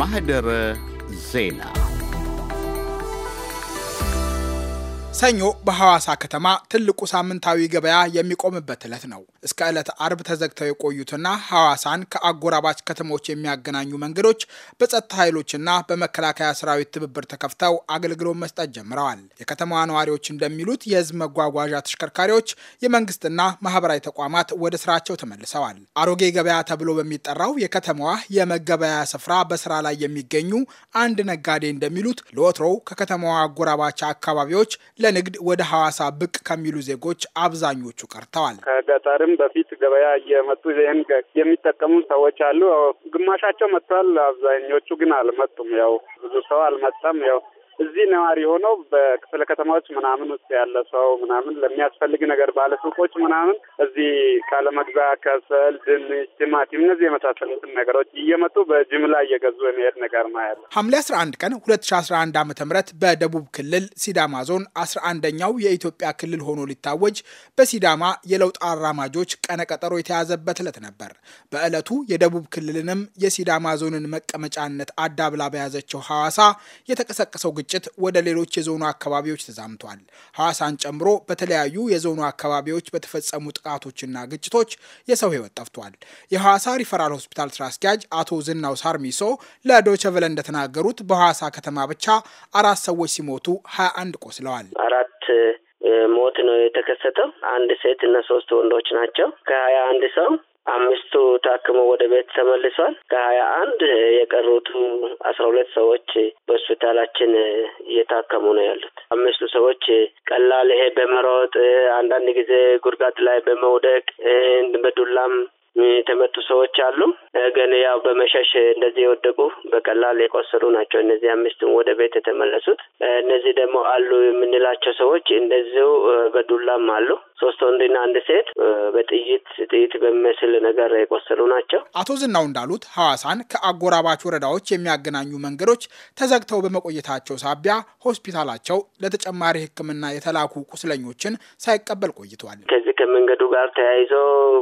ማህደረ ዜና ሰኞ በሐዋሳ ከተማ ትልቁ ሳምንታዊ ገበያ የሚቆምበት ዕለት ነው። እስከ ዕለት አርብ ተዘግተው የቆዩትና ሐዋሳን ከአጎራባች ከተሞች የሚያገናኙ መንገዶች በጸጥታ ኃይሎችና በመከላከያ ሰራዊት ትብብር ተከፍተው አገልግሎት መስጠት ጀምረዋል። የከተማዋ ነዋሪዎች እንደሚሉት የሕዝብ መጓጓዣ ተሽከርካሪዎች፣ የመንግስትና ማህበራዊ ተቋማት ወደ ስራቸው ተመልሰዋል። አሮጌ ገበያ ተብሎ በሚጠራው የከተማዋ የመገበያያ ስፍራ በስራ ላይ የሚገኙ አንድ ነጋዴ እንደሚሉት ለወትሮው ከከተማዋ አጎራባች አካባቢዎች ለንግድ ወደ ሐዋሳ ብቅ ከሚሉ ዜጎች አብዛኞቹ ቀርተዋል። ከገጠርም በፊት ገበያ እየመጡ ይህን የሚጠቀሙ ሰዎች አሉ። ግማሻቸው መጥተዋል። አብዛኞቹ ግን አልመጡም። ያው ብዙ ሰው አልመጣም። ያው እዚህ ነዋሪ ሆነው በክፍለ ከተማዎች ምናምን ውስጥ ያለ ሰው ምናምን ለሚያስፈልግ ነገር ባለሱቆች ምናምን እዚህ ካለመግዛት ከሰል፣ ድንች፣ ቲማቲም እነዚህ የመሳሰሉትን ነገሮች እየመጡ በጅምላ እየገዙ የሚሄድ ነገር ማያለ ሐምሌ 11 ቀን 2011 ዓ ም በደቡብ ክልል ሲዳማ ዞን 11ኛው የኢትዮጵያ ክልል ሆኖ ሊታወጅ በሲዳማ የለውጥ አራማጆች ቀነቀጠሮ የተያዘበት ዕለት ነበር። በዕለቱ የደቡብ ክልልንም የሲዳማ ዞንን መቀመጫነት አዳብላ በያዘችው ሐዋሳ የተቀሰቀሰው ግጭት ግጭት ወደ ሌሎች የዞኑ አካባቢዎች ተዛምቷል። ሐዋሳን ጨምሮ በተለያዩ የዞኑ አካባቢዎች በተፈጸሙ ጥቃቶችና ግጭቶች የሰው ሕይወት ጠፍቷል። የሐዋሳ ሪፈራል ሆስፒታል ስራ አስኪያጅ አቶ ዝናው ሳርሚሶ ለዶቸቨለ እንደተናገሩት በሐዋሳ ከተማ ብቻ አራት ሰዎች ሲሞቱ ሀያ አንድ ቆስለዋል። አራት ሞት ነው የተከሰተው። አንድ ሴት እና ሶስት ወንዶች ናቸው። ከሀያ አንድ ሰው አምስቱ ታክመው ወደ ቤት ተመልሷል። ከሀያ አንድ የቀሩቱ አስራ ሁለት ሰዎች በሆስፒታላችን እየታከሙ ነው ያሉት። አምስቱ ሰዎች ቀላል ይሄ በመሮጥ አንዳንድ ጊዜ ጉድጓድ ላይ በመውደቅ በዱላም የተመቱ ሰዎች አሉ። ግን ያው በመሸሽ እንደዚህ የወደቁ በቀላል የቆሰሉ ናቸው። እነዚህ አምስቱም ወደ ቤት የተመለሱት። እነዚህ ደግሞ አሉ የምንላቸው ሰዎች እንደዚሁ በዱላም አሉ። ሶስት ወንድና አንድ ሴት በጥይት ጥይት በሚመስል ነገር የቆሰሉ ናቸው። አቶ ዝናው እንዳሉት ሐዋሳን ከአጎራባች ወረዳዎች የሚያገናኙ መንገዶች ተዘግተው በመቆየታቸው ሳቢያ ሆስፒታላቸው ለተጨማሪ ሕክምና የተላኩ ቁስለኞችን ሳይቀበል ቆይቷል። ከመንገዱ ጋር ተያይዞ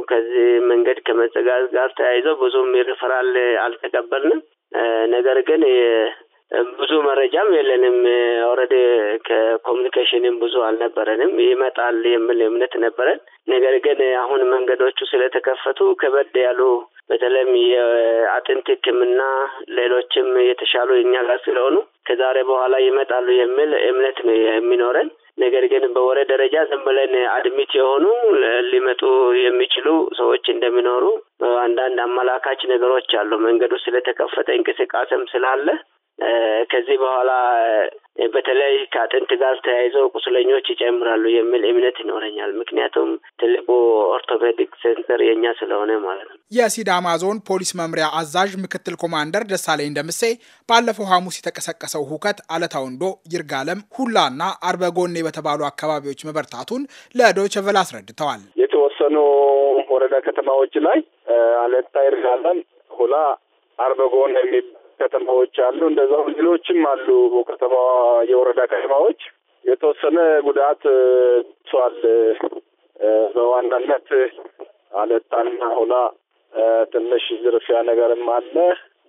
ከዚህ መንገድ ከመዘጋት ጋር ተያይዞ ብዙም ሪፈራል አልተቀበልንም። ነገር ግን ብዙ መረጃም የለንም። ኦልሬዲ ከኮሚኒኬሽንም ብዙ አልነበረንም። ይመጣል የሚል እምነት ነበረን። ነገር ግን አሁን መንገዶቹ ስለተከፈቱ ከበድ ያሉ በተለይም የአጥንት ሕክምና ሌሎችም የተሻሉ እኛ ጋር ስለሆኑ ከዛሬ በኋላ ይመጣሉ የሚል እምነት ነው የሚኖረን። ነገር ግን በወረ ደረጃ ዝም ብለን አድሚት የሆኑ ሊመጡ የሚችሉ ሰዎች እንደሚኖሩ አንዳንድ አመላካች ነገሮች አሉ። መንገዱ ስለተከፈተ እንቅስቃሴም ስላለ ከዚህ በኋላ በተለይ ከአጥንት ጋር ተያይዘው ቁስለኞች ይጨምራሉ የሚል እምነት ይኖረኛል። ምክንያቱም ትልቁ ኦርቶፔዲክ ሴንተር የእኛ ስለሆነ ማለት ነው። የሲዳማ ዞን ፖሊስ መምሪያ አዛዥ ምክትል ኮማንደር ደሳለኝ እንደምሴ ባለፈው ሐሙስ የተቀሰቀሰው ሁከት አለታ ይርጋለም፣ ሁላና አርበጎኔ በተባሉ አካባቢዎች መበርታቱን ለዶይቼ ቬለ አስረድተዋል። የተወሰኑ ወረዳ ከተማዎች ላይ አለታ፣ ይርጋለም፣ ሁላ፣ አርበጎን የሚባ ከተማዎች አሉ። እንደዛው ሌሎችም አሉ። ከተማ የወረዳ ከተማዎች የተወሰነ ጉዳት ሷል። በዋናነት አለጣና ሆና ትንሽ ዝርፊያ ነገርም አለ።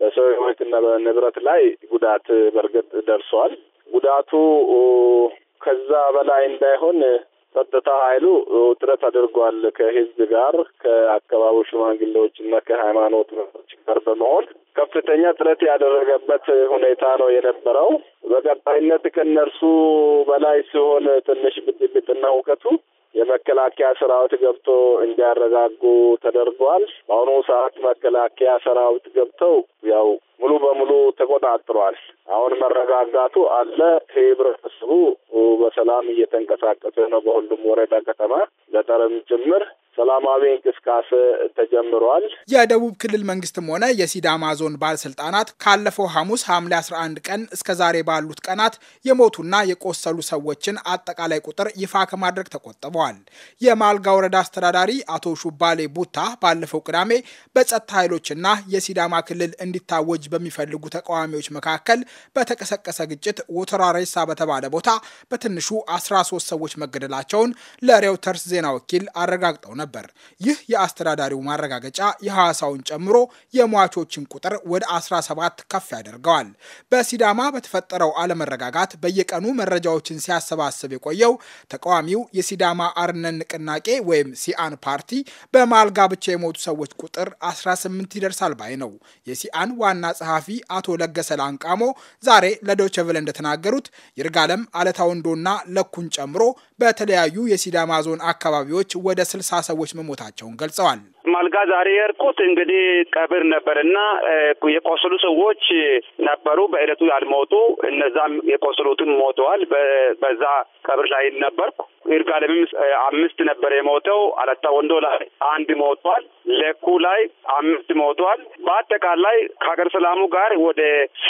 በሰው ሕይወትና በንብረት ላይ ጉዳት በእርግጥ ደርሷል። ጉዳቱ ከዛ በላይ እንዳይሆን ጸጥታ ኃይሉ ውጥረት አድርጓል። ከህዝብ ጋር ከአካባቢው ሽማግሌዎች እና ከሃይማኖት መሪዎች ጋር በመሆን ከፍተኛ ጥረት ያደረገበት ሁኔታ ነው የነበረው። በቀጣይነት ከእነርሱ በላይ ሲሆን ትንሽ ብጥብጥና እውቀቱ የመከላከያ ሰራዊት ገብቶ እንዲያረጋጉ ተደርጓል። በአሁኑ ሰዓት መከላከያ ሰራዊት ገብተው ያው ሙሉ በሙሉ ተቆጣጥሯል። አሁን መረጋጋቱ አለ። ህብረተሰቡ በሰላም እየተንቀሳቀሰ ነው። በሁሉም ወረዳ፣ ከተማ፣ ገጠርም ጭምር ሰላማዊ እንቅስቃሴ ተጀምሯል። የደቡብ ክልል መንግስትም ሆነ የሲዳማ ዞን ባለስልጣናት ካለፈው ሐሙስ ሐምሌ 11 ቀን እስከ ዛሬ ባሉት ቀናት የሞቱና የቆሰሉ ሰዎችን አጠቃላይ ቁጥር ይፋ ከማድረግ ተቆጥበዋል። የማልጋ ወረዳ አስተዳዳሪ አቶ ሹባሌ ቡታ ባለፈው ቅዳሜ በጸጥታ ኃይሎችና የሲዳማ ክልል እንዲታወጅ በሚፈልጉ ተቃዋሚዎች መካከል በተቀሰቀሰ ግጭት ወተራሬሳ በተባለ ቦታ በትንሹ 13 ሰዎች መገደላቸውን ለሬውተርስ ዜና ወኪል አረጋግጠው ነበር። ነበር። ይህ የአስተዳዳሪው ማረጋገጫ የሐዋሳውን ጨምሮ የሟቾችን ቁጥር ወደ 17 ከፍ ያደርገዋል። በሲዳማ በተፈጠረው አለመረጋጋት በየቀኑ መረጃዎችን ሲያሰባስብ የቆየው ተቃዋሚው የሲዳማ አርነት ንቅናቄ ወይም ሲአን ፓርቲ በመሃል ጋብቻ የሞቱ ሰዎች ቁጥር 18 ይደርሳል ባይ ነው። የሲአን ዋና ጸሐፊ አቶ ለገሰ ላንቃሞ ዛሬ ለዶይቼ እንደተናገሩት ይርጋለም አለታ ወንዶና ለኩን ጨምሮ በተለያዩ የሲዳማ ዞን አካባቢዎች ወደ 60 ሰዎች ሰዎች መሞታቸውን ገልጸዋል። ማልጋ ዛሬ የርኩት እንግዲህ ቀብር ነበር እና የቆሰሉ ሰዎች ነበሩ። በእለቱ ያልሞቱ እነዛም የቆሰሉትን ሞተዋል። በዛ ቀብር ላይ ነበርኩ። ይርጋለምም አምስት ነበር የሞተው። አለታ ወንዶ ላይ አንድ ሞቷል። ለኩ ላይ አምስት ሞቷል። በአጠቃላይ ከሀገር ሰላሙ ጋር ወደ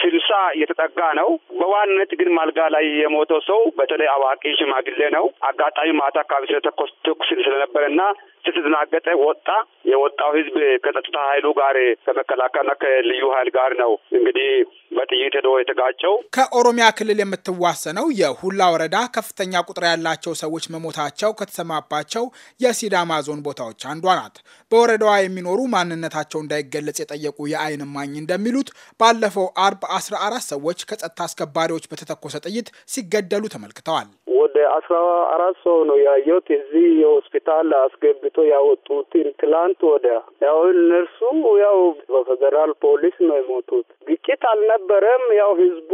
ስልሳ እየተጠጋ ነው። በዋናነት ግን ማልጋ ላይ የሞተው ሰው በተለይ አዋቂ ሽማግሌ ነው። አጋጣሚ ማታ አካባቢ ስለተኮስ ተኩስ ስለነበረ እና ስትደናገጠ ወጣ። የወጣው ህዝብ ከጸጥታ ኃይሉ ጋር ከመከላከያና ከልዩ ኃይል ጋር ነው እንግዲህ በጥይት ሄዶ የተጋጨው። ከኦሮሚያ ክልል የምትዋሰነው የሁላ ወረዳ ከፍተኛ ቁጥር ያላቸው ሰዎች መሞታቸው ከተሰማባቸው የሲዳማ ዞን ቦታዎች አንዷ ናት። በወረዳዋ የሚኖሩ ማንነታቸው እንዳይገለጽ የጠየቁ የአይን እማኝ እንደሚሉት ባለፈው አርብ አስራ አራት ሰዎች ከጸጥታ አስከባሪዎች በተተኮሰ ጥይት ሲገደሉ ተመልክተዋል። ወደ አስራ አራት ሰው ነው ያየሁት እዚህ የሆስፒታል አስገብቶ ያወጡትን ትላንት ወዲያ። ያው እነርሱ ያው በፌዴራል ፖሊስ ነው የሞቱት። ግጭት አልነበረም። ያው ህዝቡ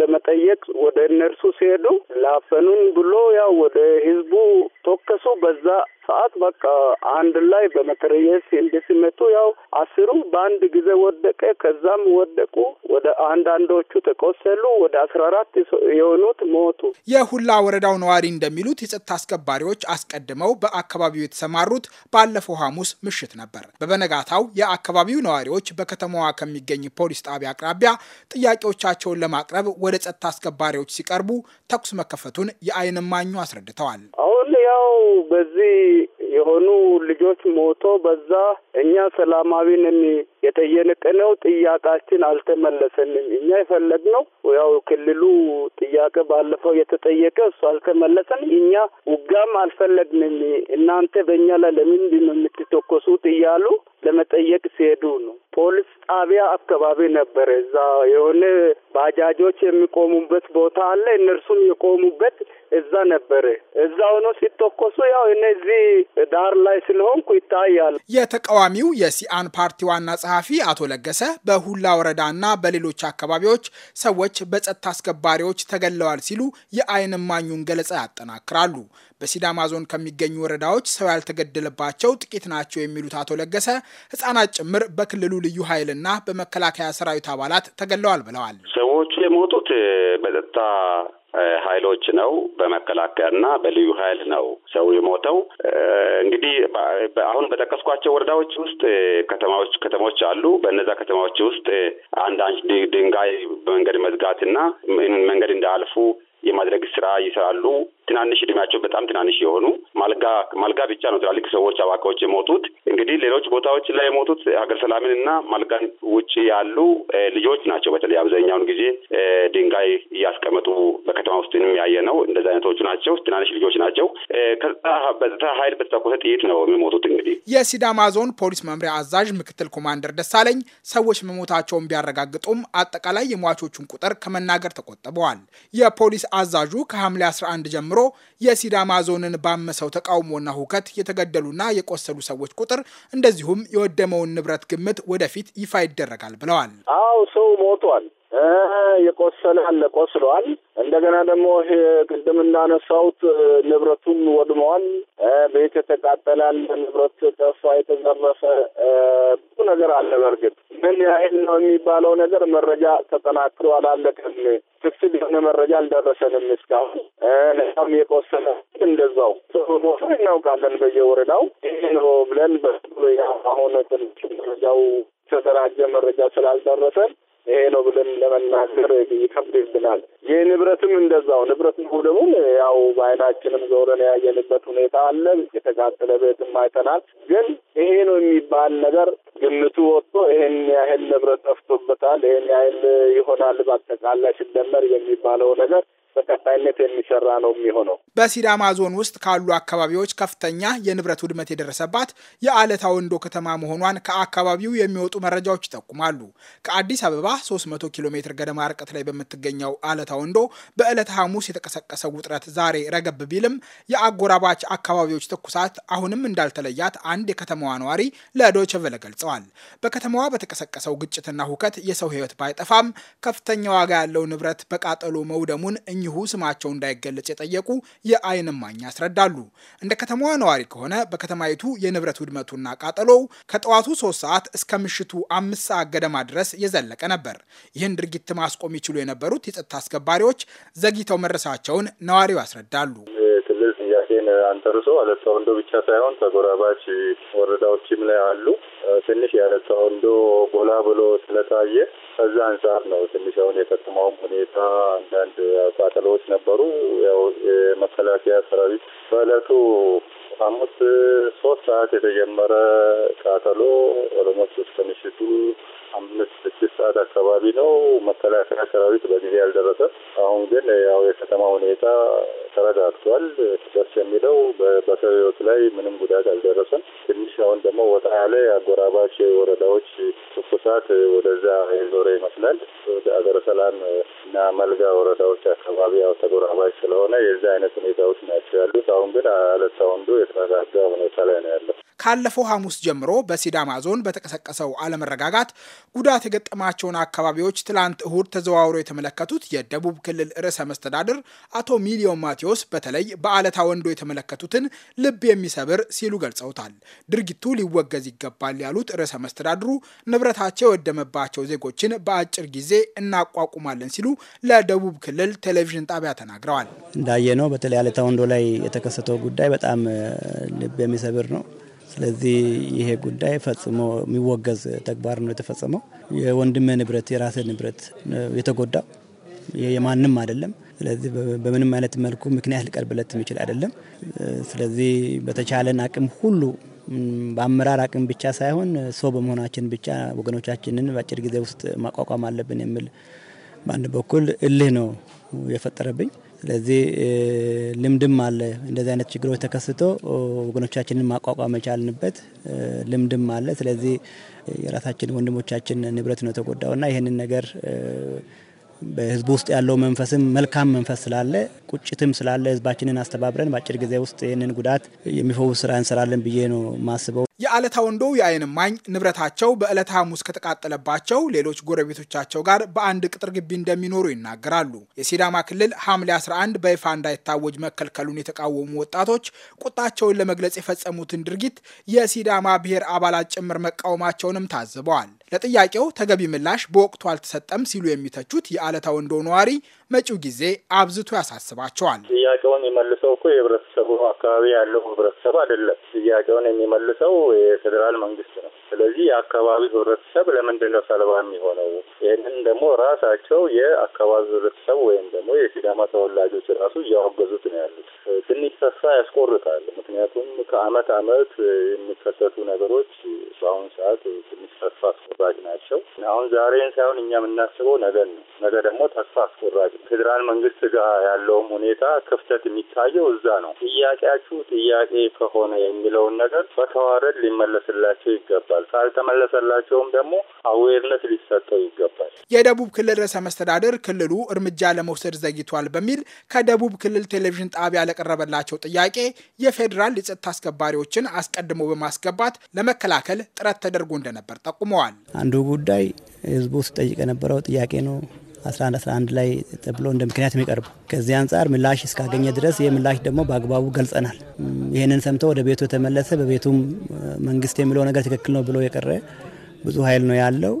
ለመጠየቅ ወደ እነርሱ ሲሄዱ ላፈኑን ብሎ ያው ወደ ህዝቡ ተከሱ። በዛ ሰዓት በቃ አንድ ላይ በመትረየስ እንዲህ ሲመቱ ያው አስሩ በአንድ ጊዜ ወደቀ። ከዛም ወደቁ። ወደ አንዳንዶቹ ተቆሰሉ። ወደ አስራ አራት የሆኑት ሞቱ። የሁላ ወረዳው ነዋሪ እንደሚሉት የጸጥታ አስከባሪዎች አስቀድመው በአካባቢው የተሰማሩት ባለፈው ሐሙስ ምሽት ነበር። በበነጋታው የአካባቢው ነዋሪዎች በከተማዋ ከሚገኝ ፖሊስ ጣቢያ አቅራቢያ ጥያቄዎቻቸውን ለማቅረብ ወደ ጸጥታ አስከባሪዎች ሲቀርቡ ተኩስ መከፈቱን የዓይን እማኙ አስረድተዋል። አሁን ወዲያው በዚህ የሆኑ ልጆች ሞቶ በዛ እኛ ሰላማዊ ነን የጠየቅነው ጥያቄያችን አልተመለሰንም። እኛ የፈለግነው ያው ክልሉ ጥያቄ ባለፈው የተጠየቀ እሱ አልተመለሰን። እኛ ውጋም አልፈለግንም። እናንተ በእኛ ላይ ለምንድን ነው የምትተኮሱት እያሉ ለመጠየቅ ሲሄዱ ነው። ፖሊስ ጣቢያ አካባቢ ነበረ። እዛ የሆነ ባጃጆች የሚቆሙበት ቦታ አለ። እነርሱም የቆሙበት እዛ ነበረ። እዛ ሆኖ ሲተኮሱ ያው እነዚህ ዳር ላይ ስለሆንኩ ይታያል። የተቃዋሚው የሲአን ፓርቲ ዋና ጸሐፊ አቶ ለገሰ በሁላ ወረዳና በሌሎች አካባቢዎች ሰዎች በጸጥታ አስከባሪዎች ተገለዋል ሲሉ የአይን እማኙን ገለጻ ያጠናክራሉ። በሲዳማ ዞን ከሚገኙ ወረዳዎች ሰው ያልተገደለባቸው ጥቂት ናቸው የሚሉት አቶ ለገሰ ህጻናት ጭምር በክልሉ ልዩ ኃይልና በመከላከያ ሰራዊት አባላት ተገለዋል ብለዋል። ሰዎቹ የሞቱ የሚመሩት በጸጥታ ኃይሎች ነው። በመከላከያና በልዩ ኃይል ነው ሰው የሞተው። እንግዲህ አሁን በጠቀስኳቸው ወረዳዎች ውስጥ ከተማዎች ከተሞች አሉ። በእነዛ ከተማዎች ውስጥ አንዳንድ ድንጋይ በመንገድ መዝጋትና መንገድ እንዳያልፉ የማድረግ ስራ ይሰራሉ። ትናንሽ እድሜያቸው በጣም ትናንሽ የሆኑ ማልጋ ማልጋ ብቻ ነው ትላልቅ ሰዎች አዋቂዎች የሞቱት። እንግዲህ ሌሎች ቦታዎች ላይ የሞቱት ሀገር ሰላምን እና ማልጋን ውጭ ያሉ ልጆች ናቸው። በተለይ አብዛኛውን ጊዜ ድንጋይ እያስቀመጡ በከተማ ውስጥ ያየ ነው። እንደዚህ አይነቶቹ ናቸው። ትናንሽ ልጆች ናቸው። ከዛ ሀይል በተተኮሰ ጥይት ነው የሚሞቱት። እንግዲህ የሲዳማ ዞን ፖሊስ መምሪያ አዛዥ ምክትል ኮማንደር ደሳለኝ ሰዎች መሞታቸውን ቢያረጋግጡም አጠቃላይ የሟቾቹን ቁጥር ከመናገር ተቆጥበዋል። የፖሊስ አዛዡ ከሐምሌ 11 ጀምሮ ጨምሮ የሲዳማ ዞንን ባመሰው ተቃውሞና ሁከት የተገደሉና የቆሰሉ ሰዎች ቁጥር እንደዚሁም የወደመውን ንብረት ግምት ወደፊት ይፋ ይደረጋል ብለዋል። አዎ ሰው ሞቷል። የቆሰለ አለ ቆስሏል። እንደገና ደግሞ ቅድም እንዳነሳሁት ንብረቱም ወድመዋል። ቤት የተቃጠለ አለ፣ ንብረት ጠፋ፣ የተዘረፈ ብዙ ነገር አለ። በእርግጥ ምን ያህል ነው የሚባለው ነገር መረጃ ተጠናክሮ አላለቀም። ትክክል የሆነ መረጃ አልደረሰንም እስካሁን። በጣም የቆሰለ እንደዛው ሞቶ እናውቃለን በየወረዳው ይህ ነው ብለን በ አሁን ትንሽ መረጃው የተደራጀ መረጃ ስላልደረሰን ይሄ ነው ብለን ለመናገር ይከብድብናል። ይህ ንብረትም እንደዛው ንብረት ደግሞ ያው በአይናችንም ዞረን ያየንበት ሁኔታ አለ። የተቃጠለ ቤትም አይተናል። ግን ይሄ ነው የሚባል ነገር ግምቱ ወጥቶ ይሄን ያህል ንብረት ጠፍቶበታል፣ ይሄን ያህል ይሆናል በአጠቃላይ ሲደመር የሚባለው ነገር በቀጣይነት የሚሰራ ነው የሚሆነው። በሲዳማ ዞን ውስጥ ካሉ አካባቢዎች ከፍተኛ የንብረት ውድመት የደረሰባት የአለታ ወንዶ ከተማ መሆኗን ከአካባቢው የሚወጡ መረጃዎች ይጠቁማሉ። ከአዲስ አበባ 300 ኪሎ ሜትር ገደማ ርቀት ላይ በምትገኘው አለታ ወንዶ በዕለተ ሐሙስ የተቀሰቀሰው ውጥረት ዛሬ ረገብ ቢልም የአጎራባች አካባቢዎች ትኩሳት አሁንም እንዳልተለያት አንድ የከተማዋ ነዋሪ ለዶችቨለ ገልጸዋል። በከተማዋ በተቀሰቀሰው ግጭትና ሁከት የሰው ሕይወት ባይጠፋም ከፍተኛ ዋጋ ያለው ንብረት በቃጠሎ መውደሙን እኚሁ ስማቸው እንዳይገለጽ የጠየቁ የአይን እማኝ ያስረዳሉ። እንደ ከተማዋ ነዋሪ ከሆነ በከተማይቱ የንብረት ውድመቱና ቃጠሎው ከጠዋቱ ሶስት ሰዓት እስከ ምሽቱ አምስት ሰዓት ገደማ ድረስ የዘለቀ ነበር። ይህን ድርጊት ማስቆም ይችሉ የነበሩት የጸጥታ አስከባሪዎች ዘግይተው መድረሳቸውን ነዋሪው ያስረዳሉ። አንተርሶ አለታ ወንዶ ብቻ ሳይሆን ተጎራባች ወረዳዎችም ላይ አሉ። ትንሽ የአለታ ወንዶ ጎላ ብሎ ስለታየ ከዛ አንጻር ነው ትንሽ አሁን የከተማውም ሁኔታ አንዳንድ ቃጠሎዎች ነበሩ። ያው የመከላከያ ሰራዊት በእለቱ ሐሙስ ሶስት ሰዓት የተጀመረ ቃጠሎ ኦሮሞች እስከ ምሽቱ አምስት ስድስት ሰዓት አካባቢ ነው መከላከያ ሰራዊት በጊዜ ያልደረሰ። አሁን ግን ያው የከተማ ሁኔታ ተረጋግቷል። ደስ የሚለው በሰው ሕይወት ላይ ምንም ጉዳት አልደረሰም። ትንሽ አሁን ደግሞ ወጣ ያለ አጎራባች ወረዳዎች ትኩሳት ወደዛ የዞረ ይመስላል። ወደ አገረ ሰላም እና መልጋ ወረዳዎች አካባቢ ያው ተጎራባች ስለሆነ የዛ አይነት ሁኔታዎች ናቸው ያሉት። አሁን ግን አለታ ወንዶ የተረጋጋ ሁኔታ ላይ ነው ያለው። ካለፈው ሐሙስ ጀምሮ በሲዳማ ዞን በተቀሰቀሰው አለመረጋጋት ጉዳት የገጠማቸውን አካባቢዎች ትላንት እሁድ ተዘዋውረው የተመለከቱት የደቡብ ክልል ርዕሰ መስተዳድር አቶ ሚሊዮን ማቴዎስ በተለይ በአለታ ወንዶ የተመለከቱትን ልብ የሚሰብር ሲሉ ገልጸውታል። ድርጊቱ ሊወገዝ ይገባል ያሉት ርዕሰ መስተዳድሩ ንብረታቸው የወደመባቸው ዜጎችን በአጭር ጊዜ እናቋቁማለን ሲሉ ለደቡብ ክልል ቴሌቪዥን ጣቢያ ተናግረዋል። እንዳየነው በተለይ አለታ ወንዶ ላይ የተከሰተው ጉዳይ በጣም ልብ የሚሰብር ነው። ስለዚህ ይሄ ጉዳይ ፈጽሞ የሚወገዝ ተግባር ነው የተፈጸመው። የወንድም ንብረት የራስህ ንብረት የተጎዳ የማንም አይደለም። ስለዚህ በምንም አይነት መልኩ ምክንያት ሊቀርብለት የሚችል አይደለም። ስለዚህ በተቻለን አቅም ሁሉ በአመራር አቅም ብቻ ሳይሆን ሰው በመሆናችን ብቻ ወገኖቻችንን በአጭር ጊዜ ውስጥ ማቋቋም አለብን የሚል በአንድ በኩል እልህ ነው የፈጠረብኝ ስለዚህ ልምድም አለ። እንደዚህ አይነት ችግሮች ተከስቶ ወገኖቻችንን ማቋቋም የቻልንበት ልምድም አለ። ስለዚህ የራሳችን ወንድሞቻችን ንብረት ነው እና ይህንን ነገር በህዝቡ ውስጥ ያለው መንፈስም መልካም መንፈስ ስላለ ቁጭትም ስላለ ህዝባችንን አስተባብረን በአጭር ጊዜ ውስጥ ይህንን ጉዳት የሚፈውስ ስራ እንሰራለን ብዬ ነው ማስበው። የአለታ ወንዶ የአይን ማኝ ንብረታቸው በዕለተ ሐሙስ ከተቃጠለባቸው ሌሎች ጎረቤቶቻቸው ጋር በአንድ ቅጥር ግቢ እንደሚኖሩ ይናገራሉ። የሲዳማ ክልል ሐምሌ 11 በይፋ እንዳይታወጅ መከልከሉን የተቃወሙ ወጣቶች ቁጣቸውን ለመግለጽ የፈጸሙትን ድርጊት የሲዳማ ብሔር አባላት ጭምር መቃወማቸውንም ታዝበዋል። ለጥያቄው ተገቢ ምላሽ በወቅቱ አልተሰጠም ሲሉ የሚተቹት የአለታ ወንዶ ነዋሪ መጪው ጊዜ አብዝቶ ያሳስባቸዋል። ጥያቄውን የመልሰው እኮ የህብረተሰቡ አካባቢ ያለው ህብረተሰብ አይደለም። ጥያቄውን የሚመልሰው የፌዴራል መንግስት ነው። ስለዚህ የአካባቢው ህብረተሰብ ለምንድን ነው ሰለባ የሚሆነው? ይህንን ደግሞ ራሳቸው የአካባቢው ህብረተሰብ ወይም ደግሞ የሲዳማ ተወላጆች ራሱ እያወገዙት ነው ያሉት። ትንሽ ተስፋ ያስቆርጣል። ምክንያቱም ከአመት አመት የሚከሰቱ ነገሮች በአሁኑ ሰዓት ትንሽ ተስፋ አስቆራጅ ናቸው። አሁን ዛሬን ሳይሆን እኛ የምናስበው ነገን ነው። ነገ ደግሞ ተስፋ አስቆራጅ ነው። ፌዴራል መንግስት ጋር ያለውም ሁኔታ ክፍተት የሚታየው እዛ ነው። ጥያቄያችሁ ጥያቄ ከሆነ የሚለውን ነገር በተዋረድ ሊመለስላቸው ይገባል። ይገባል። ካልተመለሰላቸውም ደግሞ አዌርነት ሊሰጠው ይገባል። የደቡብ ክልል ርዕሰ መስተዳደር ክልሉ እርምጃ ለመውሰድ ዘግይቷል በሚል ከደቡብ ክልል ቴሌቪዥን ጣቢያ ለቀረበላቸው ጥያቄ የፌዴራል የጸጥታ አስከባሪዎችን አስቀድሞ በማስገባት ለመከላከል ጥረት ተደርጎ እንደነበር ጠቁመዋል። አንዱ ጉዳይ ህዝቡ ጠይቅ የነበረው ጥያቄ ነው 11 11 ላይ ተብሎ እንደ ምክንያት የሚቀርቡ ከዚህ አንጻር ምላሽ እስካገኘ ድረስ ይህ ምላሽ ደግሞ በአግባቡ ገልጸናል። ይህንን ሰምቶ ወደ ቤቱ የተመለሰ በቤቱም መንግስት የሚለው ነገር ትክክል ነው ብሎ የቀረ ብዙ ኃይል ነው ያለው።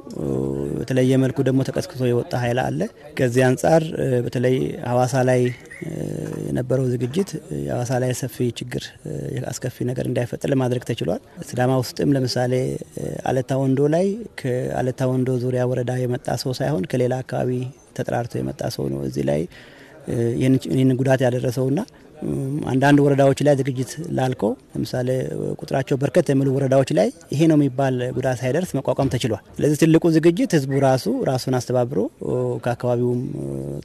በተለየ መልኩ ደግሞ ተቀስቅሶ የወጣ ኃይል አለ። ከዚህ አንጻር በተለይ ሀዋሳ ላይ የነበረው ዝግጅት የሀዋሳ ላይ ሰፊ ችግር፣ አስከፊ ነገር እንዳይፈጠር ለማድረግ ተችሏል። ስዳማ ውስጥም ለምሳሌ አለታ ወንዶ ላይ ከአለታ ወንዶ ዙሪያ ወረዳ የመጣ ሰው ሳይሆን ከሌላ አካባቢ ተጠራርቶ የመጣ ሰው ነው እዚህ ላይ ይህን ጉዳት ያደረሰውና አንዳንድ ወረዳዎች ላይ ዝግጅት ላልከው ለምሳሌ ቁጥራቸው በርከት የሚሉ ወረዳዎች ላይ ይሄ ነው የሚባል ጉዳት ሳይደርስ መቋቋም ተችሏል። ስለዚህ ትልቁ ዝግጅት ህዝቡ ራሱ ራሱን አስተባብሮ ከአካባቢውም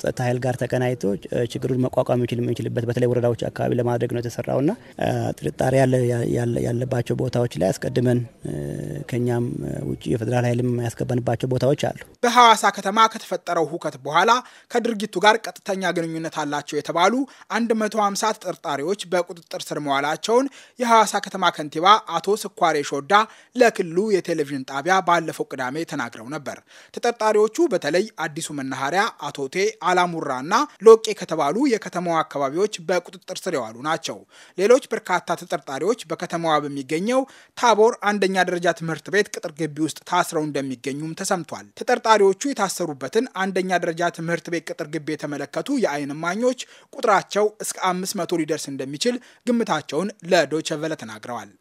ጸጥታ ኃይል ጋር ተቀናይቶ ችግሩን መቋቋም የሚችልበት በተለይ ወረዳዎች አካባቢ ለማድረግ ነው የተሰራውና ጥርጣሬ ያለባቸው ቦታዎች ላይ አስቀድመን ከኛም ውጭ የፌዴራል ኃይልም ያስገባንባቸው ቦታዎች አሉ። በሐዋሳ ከተማ ከተፈጠረው ሁከት በኋላ ከድርጊቱ ጋር ቀጥተኛ ግንኙነት አላቸው የተባሉ 150 አምሳ ተጠርጣሪዎች በቁጥጥር ስር መዋላቸውን የሐዋሳ ከተማ ከንቲባ አቶ ስኳሬ ሾዳ ለክልሉ የቴሌቪዥን ጣቢያ ባለፈው ቅዳሜ ተናግረው ነበር። ተጠርጣሪዎቹ በተለይ አዲሱ መናኸሪያ፣ አቶቴ፣ አላሙራ እና ሎቄ ከተባሉ የከተማዋ አካባቢዎች በቁጥጥር ስር የዋሉ ናቸው። ሌሎች በርካታ ተጠርጣሪዎች በከተማዋ በሚገኘው ታቦር አንደኛ ደረጃ ትምህርት ቤት ቅጥር ግቢ ውስጥ ታስረው እንደሚገኙም ተሰምቷል። ተጠርጣሪዎቹ የታሰሩበትን አንደኛ ደረጃ ትምህርት ቤት ቅጥር ግቢ የተመለከቱ የአይን እማኞች ቁጥራቸው እስከ አምስት መቶ ሊደርስ እንደሚችል ግምታቸውን ለዶቸቨለ ተናግረዋል።